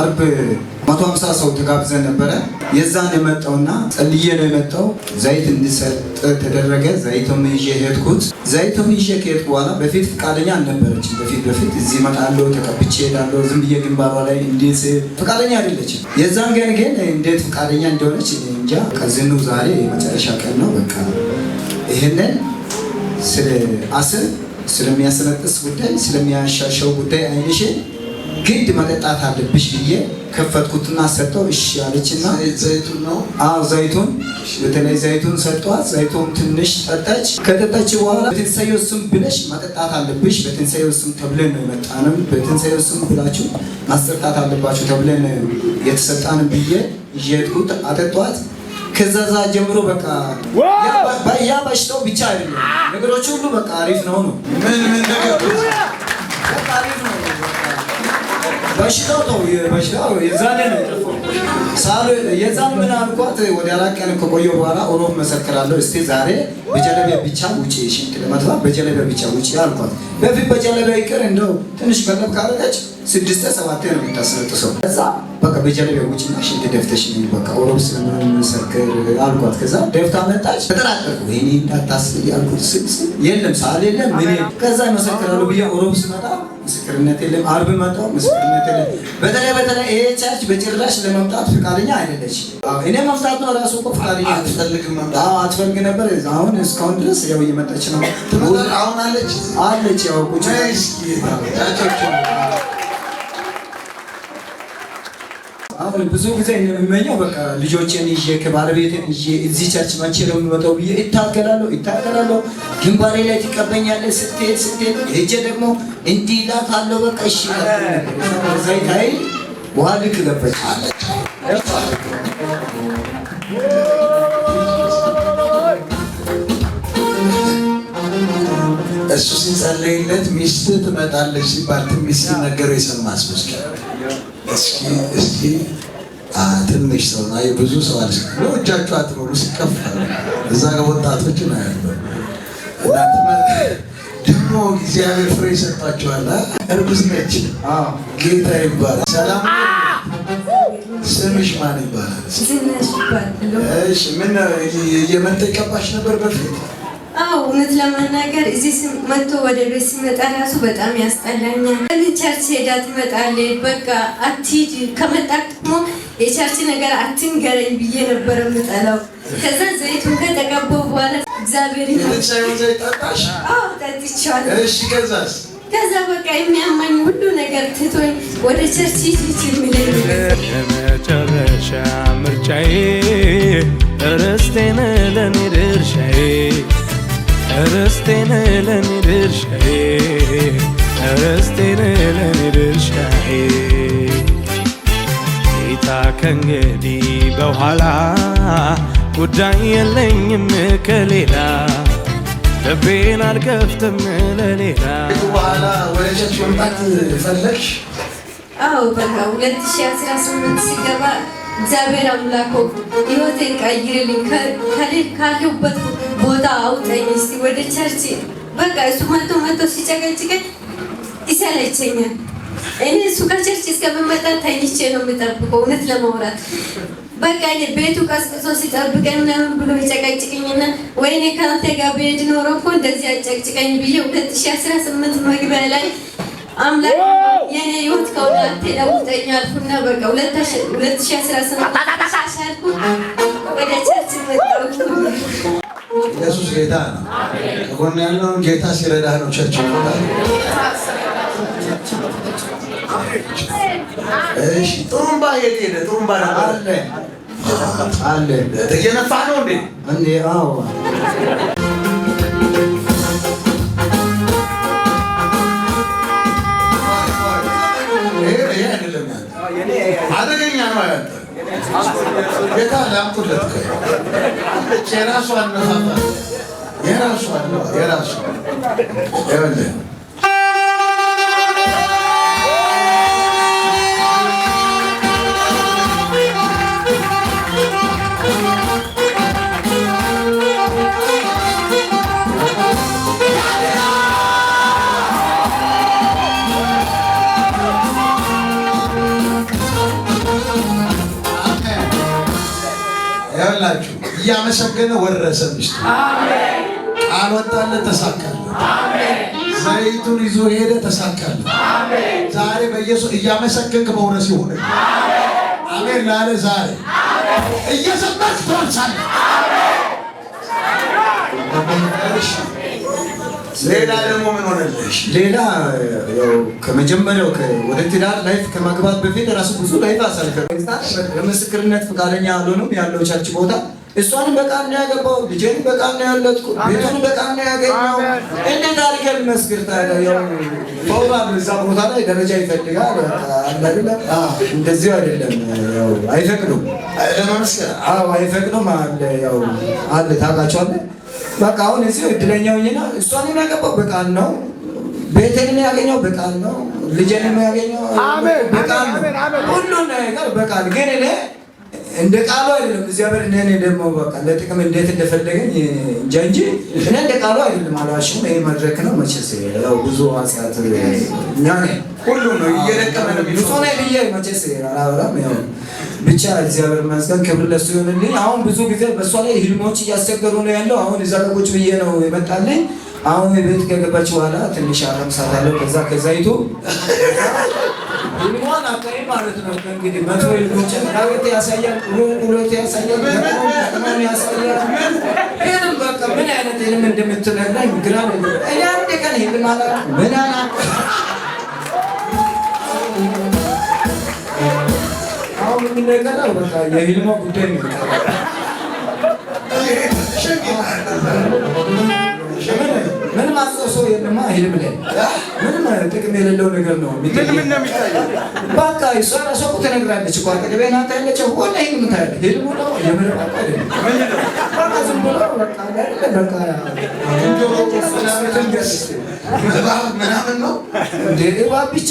አርብ መቶ ሀምሳ ሰው ተጋብዘን ነበረ። የዛን የመጣውና ጸልዬ ነው የመጣው። ዘይት እንዲሰጥ ተደረገ። ዘይትም ይዤ ሄድኩት። ዘይትም ይዤ ከሄድኩ በኋላ በፊት ፈቃደኛ አልነበረችም። በፊት በፊት እዚህ እመጣለሁ ተቀብቼ እሄዳለሁ ዝም ብዬ ግንባሯ ላይ እንዲህ ፈቃደኛ አይደለችም። የዛን ገን ግን እንዴት ፈቃደኛ እንደሆነች እንጃ። ከዝኑ ዛሬ የመጨረሻ ቀን ነው። በቃ ይህንን ስለ አስር ስለሚያስነጥስ ጉዳይ ስለሚያሻሸው ጉዳይ አይንሽን ግድ መጠጣት አለብሽ ብዬ ከፈትኩትና ሰጠው። እሺ አለችና ዘይቱን ነው አዎ፣ ዘይቱን በተለይ ዘይቱን ሰጧት። ዘይቱን ትንሽ ጠጣች። ከጠጣች በኋላ በትንሳኤው ስም ብለሽ መጠጣት አለብሽ፣ በትንሳኤው ስም ተብለን ነው የመጣንም፣ በትንሳኤው ስም ብላችሁ ማስጠጣት አለባችሁ ተብለን የተሰጣን ብዬ እየሄድኩት አጠጧት። ከዛ ጀምሮ በቃ ያ በሽታው ብቻ አይደለም ነገሮች ሁሉ በቃ አሪፍ ነው ነው ምን ምን ነገር አሪፍ ነው በሽታው ነው በሽታው የዛኔ ነው ሳሉ የዛን ምን አልኳት፣ ወደ አራት ቀን ከቆየ በኋላ ኦሮም መሰክራለሁ። እስቲ ዛሬ በጀለቤ ብቻ ውጪ፣ ሽንት ለማጥፋት በጀለቤ ብቻ ውጪ አልኳት። በፊት በጀለቤ ይቅር እንደው ትንሽ ቀለብ ካረገች ስድስት ሰባት ነው የምታስነጥሰው። ከዛ በቃ በጀለቤ ውጪና ሽንት ደፍተሽ በቃ ኦሮም ስለምንሰክር አልኳት። ከዛ ደፍታ መጣች። ተጠራጠርኩ። ይሄን እንዳታስብ ያልኩት ስልስ የለም ሳል የለም ምን ከዛ መሰክራለሁ ብዬ ኦሮም ስመጣ ምስክርነት የለም። አርብ መጣሁ፣ ምስክርነት የለም። በተለይ በተለይ ይሄ ቻርች በጭራሽ ለመምጣት ፈቃደኛ አይደለች። እኔ መምጣት ነው ራሱ እኮ ፈቃደኛ አትፈልግም ነበር፣ አትፈልግ ነበር። አሁን እስካሁን ድረስ ያው እየመጣች ነው። አሁን አለች አለች ያው ቁጭ ቻቸው አሁን ብዙ ጊዜ የምመኘው በቃ ልጆቼን ይዤ ከባለቤቴን ይዤ እዚህ ቸርች መቼ ነው የምመጣው ብዬ ይታገላለሁ ይታገላለሁ። ግንባሬ ላይ ትቀበኛለህ። ስትሄድ ስትሄድ ሄጄ ደግሞ እንዲህ እላታለሁ። በቃ እሺ ዘይታይ ውሃ ልክ ገባች እሱ ሲጸለይለት ሚስት ትመጣለች ሲባል ትንቢት ሲነገረው የሰማ ሰው እስኪ እስኪ ትንሽ ሰው ና ብዙ ሰው አለ ነው እጃችሁ አትኖሩ ሲከፋ እዛ ጋር ወጣቶች ና ያለው። ደግሞ እግዚአብሔር ፍሬ ሰጥቷቸዋል። እርጉዝ ነች ጌታ ይባላል። ሰላም ስምሽ ማን ይባላል? እሺ ምን እየመጣ ነበር በፊት አው እውነት ለመናገር እዚህ መጥቶ ወደ ቤት ሲመጣ ራሱ በጣም ያስጠላኛል። ቸርች ሄዳ ትመጣለች። በቃ አትሂድ ከመጣ ደግሞ የቸርች ነገር አትንገረኝ ብዬ ነበረ የምጠላው። ከዛ ዘይቱን ከተቀባው በኋላ እግዚአብሔር ጠጥቼዋለሁ። ከዛ በቃ የሚያማኝ ሁሉ ነገር ትቶኝ ወደ ቸርች ሂጂ የሚለኝ የመጨረሻ ምርጫዬ ርስቴን ለኔ ድርሻዬ እርስቴን ለኔ ድርሻዬ እርስቴን ለኔ ድርሻዬ ጌታ ከእንግዲህ በኋላ ጉዳይ የለኝም ከሌላ ልቤን አልከፍትም ለሌላ። በኋላ ወደ ቸርች መምጣት ፈለግሽ? አዎ በቃ 2018 ሲገባ እግዚአብሔር አምላኮ ሕይወቴን ቀይርልኝ ካለሁበት ቦታ አውጣኝ እስቲ ወደ ቸርች። በቃ እሱ መቶ መቶ ሲጨቀጭቀኝ ይሰለቸኛል። እኔ እሱ ከቸርች እስከምመጣ ተኝቼ ነው የምጠብቀው። እውነት ለማውራት በቃ እኔ ቤቱ ቀስቅሶ ሲጠብቀኝ ምናምን ብሎ ይጨቀጭቀኝና ወይኔ ከአንተ ጋር ብሄድ ኖሮ እኮ እንደዚህ አጨቅጭቀኝ ብዬ ሁለት ሺህ አስራ ስምንት መግቢያ ላይ አምላክ የኔ ህይወት ከሁላቴ ለውጠኛ አልኩና በቃ ሁለት ሺህ አስራ ስምንት ሻልኩ ወደ ቸርች መጣሁ። ኢየሱስ ጌታ ነው። ከጎን ያለውን ጌታ ሲረዳ ነው ቸርች ቦታ። እሺ ጥሩምባ የት ሄደ? ጥሩምባ አለ አለ እየነፋ ነው እንዴ? እንዴ አዎ አደገኛ ነው። Pekala politika. Yerel soğanını kazandı. Yerel soğanı var, yerel soğanı. Evet. እያመሰገነ ወረሰ ሚስቱ። ቃል ወጣለት፣ ተሳካለት። ዘይቱን ይዞ ሄደ፣ ተሳካለት። ዛሬ በኢየሱስ እያመሰገንክ መውረስ ይሁን። አሜን ላለ ዛሬ እየዘመርክ ትወርሳለህ። ሌላ ደግሞ ምን ሆነለሽ? ሌላ ከመጀመሪያው ወደ ትዳር ላይፍ ከማግባት በፊት ራሱ ብዙ ላይፍ አሳልፈ ለምስክርነት ፈቃደኛ አልሆንም ያለው ቸርች ቦታ እሷንም በቃል ነው ያገባው፣ ልጄንም በቃል ነው ያለጥኩ፣ ቤቱንም በቃል ነው ያገኘው። እንዴት አድርጌ ልመስክር? ታዲያ እዛ ቦታ ላይ ደረጃ ይፈልጋል። እንደዚህ አይደለም፣ አይፈቅዱም፣ አይፈቅዱም አለ። ታውቃቸዋለህ። በቃ አሁን እዚህ እድለኛው ና እሷንም ያገባው በቃል ነው፣ ቤቴንም ያገኘው በቃል ነው፣ ልጄንም ያገኘው በቃል ነው፣ ሁሉን ነገር በቃል ግን እኔ እንደ ቃሉ አይደለም። እግዚአብሔር እኔ እኔ ደግሞ በቃ ለጥቅም እንዴት እንደፈለገኝ እንጃ እንጂ እኔ እንደ ቃሉ አይደለም። አልዋሽም። ይሄ መድረክ ነው። መቼስ ያው ብዙ ኃጢአት እኛ ነን ሁሉ ነው እየደቀመ ነው ብዙ ነው ብዬ መቼስ አላወራም። ያው ብቻ እግዚአብሔር ይመስገን፣ ክብር ለሱ ይሁንልኝ። አሁን ብዙ ጊዜ በእሷ ላይ ህልሞች እያስቸገሩ ነው ያለው። አሁን እዛ ቁጭ ብዬ ነው የመጣልኝ። አሁን ቤት ከገባች በኋላ ትንሽ አረም ሰራለሁ። ከዛ ከዛ ይቱ ልሟን አቀይ ማለት ነው። እንግዲህ መቶ ልጆች ዳዊት ያሳያል፣ ሩት ያሳያል፣ ያሳያል ይህንም በቃ ምን አይነት ይህንም እንደምትነግረኝ ግራ እኔ አንድ ቀን ይህን ማለት ምን አላ አሁን እንደገና በቃ የህልማ ጉዳይ ነው ሄድ ላይ ምንም ጥቅም የሌለው ነገር ነው። በቃ እሷ ራሷ እኮ ትነግራለች እኮ አጠገቤ ናት ያለችው ሆነ ህልም ታያለህ። ህልሙ ነው የምር ምናምን ነው እንደ እባብ ብቻ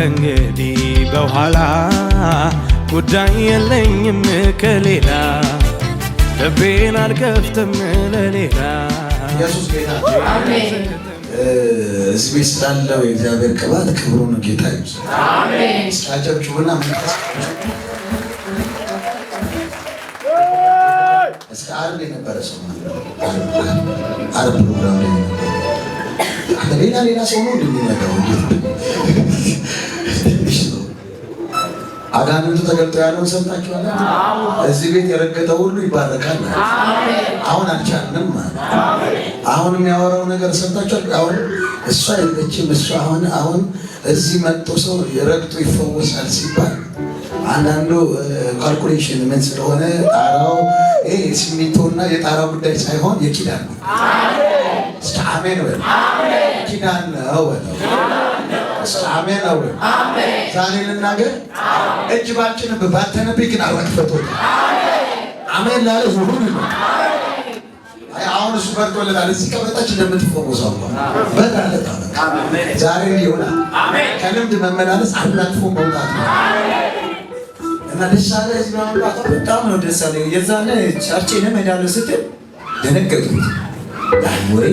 ከእንግዲህ በኋላ ጉዳይ የለኝም ከሌላ ልቤን አልከፍትም ለሌላ። እዚህ ቤት ስላለው የእግዚአብሔር ቅባት ክብሩን ጌታ ይውሰድ። እስከ ዓርብ የነበረ ሰው ዓርብ ፕሮግራም ሌላ ሌላ ሰው ነው እንደሚመጣው አጋንንቱ ተገልጦ ያለውን ሰምታችኋል። እዚህ ቤት የረገጠ ሁሉ ይባረካል። አሁን አልቻልንም። አሁን የሚያወራው ነገር ሰምታችኋል። አሁን እሷ የለችም እሷ አሁን አሁን እዚህ መጥቶ ሰው ረግጦ ይፈወሳል ሲባል አንዳንዱ ካልኩሌሽን ምን ስለሆነ ጣራው ሲሚንቶና የጣራው ጉዳይ ሳይሆን የኪዳን ነው። አሜን። ኪዳን ነው አልቅሰው። አሜን አው አሜን። ዛሬ ልናገር እጅ ባልጭንብ ባልተነብይ ግን አላክፈቶት አሜን ላለ ሁሉ ነው። አሁን እሱ በርቶለታል። እዚህ ከመጣች እንደምትፈወስ አላህ በዳለታ ዛሬ ይሆናል። ከልምድ መመላለስ አላጥፎ መውጣት ነው። እና ደስ አለ ህዝብ አምላክ በጣም ነው ደስ አለ። የዛን ቸርቼንም ሄዳለሁ ስትል ደነገጥኩት ወይ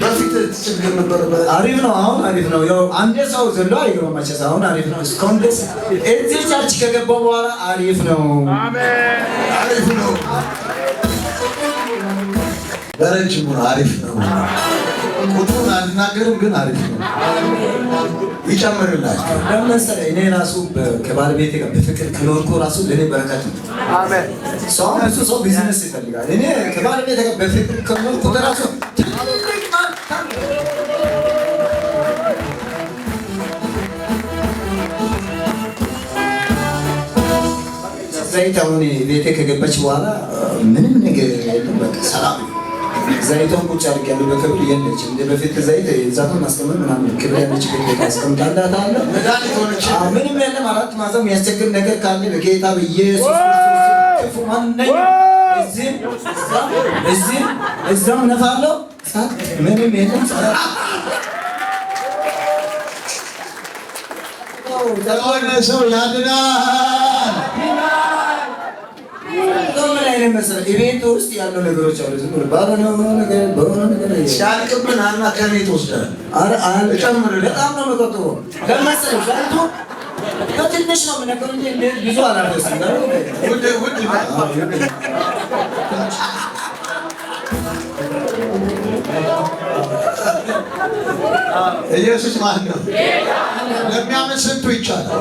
በፊት ችግር ነበር። አሪፍ ነው፣ አሁን አሪፍ ነው። ያው አንድ ሰው ዘሎ አይገባም መቼስ። አሁን አሪፍ ነው። እስካሁን ደስ እዚህ ቻርች ከገባው በኋላ አሪፍ ነው፣ አሪፍ ነው። በረጅሙ ነው፣ አሪፍ ነው። ቁጥሩን አልናገርም፣ ግን አሪፍ ነው። ይጨምርላችሁ። ለምን መሰለህ እኔ ራሱ ከባለቤቴ ጋር በፍቅር ከኖርኩ ራሱ ለእኔ በረከት ነው። አሜን። ሰው እሱ ሰው ቢዝነስ ይፈልጋል። እኔ ከባለቤቴ ጋር በፍቅር ከኖርኩ ራሱ ዘይት አሁን ቤቴ ከገባች በኋላ ምንም ነገር የለም። ሰላም ዘይቷን ቁጭ አድርጊያለሁ። በክብር የለች እንደ በፊት ዘይት ዛቱን ማስቀመጥ ምናምን ክብር ያለች ቤት አስቀምጣላት አለ ምንም የለም። አራት ማዕዛ የሚያስቸግር ነገር ካለ በጌታ በኢየሱስ ክፉ እዚህም እዛም ነፋለሁ። ምንም የለም ሰው ያድናል። ላይ ለመሰለ ቤት ውስጥ ያሉ ነገሮች አሉ። ዝም ብሎ ባባ ነው ነገር በሆነ ነገር ሲያልቅብን አና ከኔ ትወስዳለህ። ጨምር በጣም ነው መቆጥሮ ለመሰለ ዛንቱ በትንሽ ነው ነገር እንጂ ብዙ አላደረስ ውድ ኢየሱስ ማን ነው? ለሚያምን ስንቱ ይቻላል።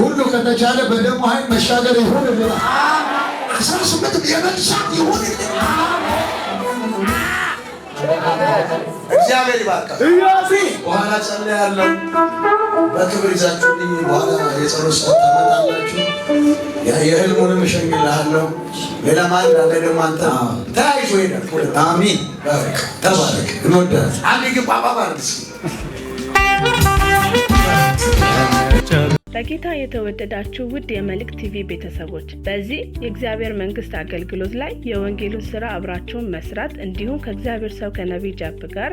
ሁሉ ከተቻለ በደሙ ኃይል መሻገር ይሁን። አስራ ስምንት የመንሳት ይሁን። እግዚአብሔር ይባርካል። በክብር ይዛችሁልኝ በኋላ የጸሎት ሰዓት ታመጣላችሁ። የህልሙንም እሸኝልሃለሁ። ሌላ በጌታ የተወደዳችሁ ውድ የመልሕቅ ቲቪ ቤተሰቦች በዚህ የእግዚአብሔር መንግስት አገልግሎት ላይ የወንጌሉን ስራ አብራችሁን መስራት እንዲሁም ከእግዚአብሔር ሰው ከነቢይ ጃፕ ጋር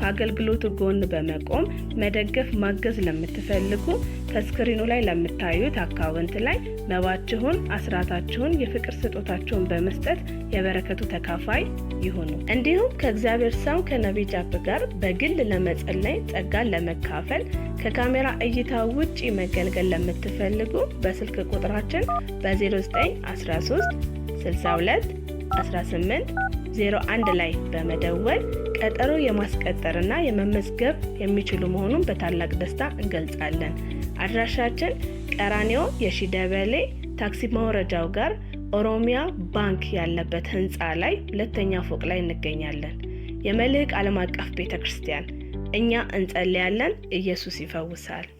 ከአገልግሎቱ ጎን በመቆም መደገፍ ማገዝ ለምትፈልጉ ከስክሪኑ ላይ ለምታዩት አካውንት ላይ መባችሁን፣ አስራታችሁን፣ የፍቅር ስጦታችሁን በመስጠት የበረከቱ ተካፋይ ይሁኑ። እንዲሁም ከእግዚአብሔር ሰው ከነቢይ ጃፕ ጋር በግል ለመጸለይ ጸጋን ለመካፈል ከካሜራ እይታ ውጪ መገልገል ማገልገል ለምትፈልጉ በስልክ ቁጥራችን በ0913 62 18 01 ላይ በመደወል ቀጠሮ የማስቀጠርና የመመዝገብ የሚችሉ መሆኑን በታላቅ ደስታ እንገልጻለን። አድራሻችን ቀራኒዮ የሺደበሌ ታክሲ ማውረጃው ጋር ኦሮሚያ ባንክ ያለበት ህንፃ ላይ ሁለተኛ ፎቅ ላይ እንገኛለን። የመልህቅ ዓለም አቀፍ ቤተ ክርስቲያን እኛ እንጸልያለን፣ ኢየሱስ ይፈውሳል።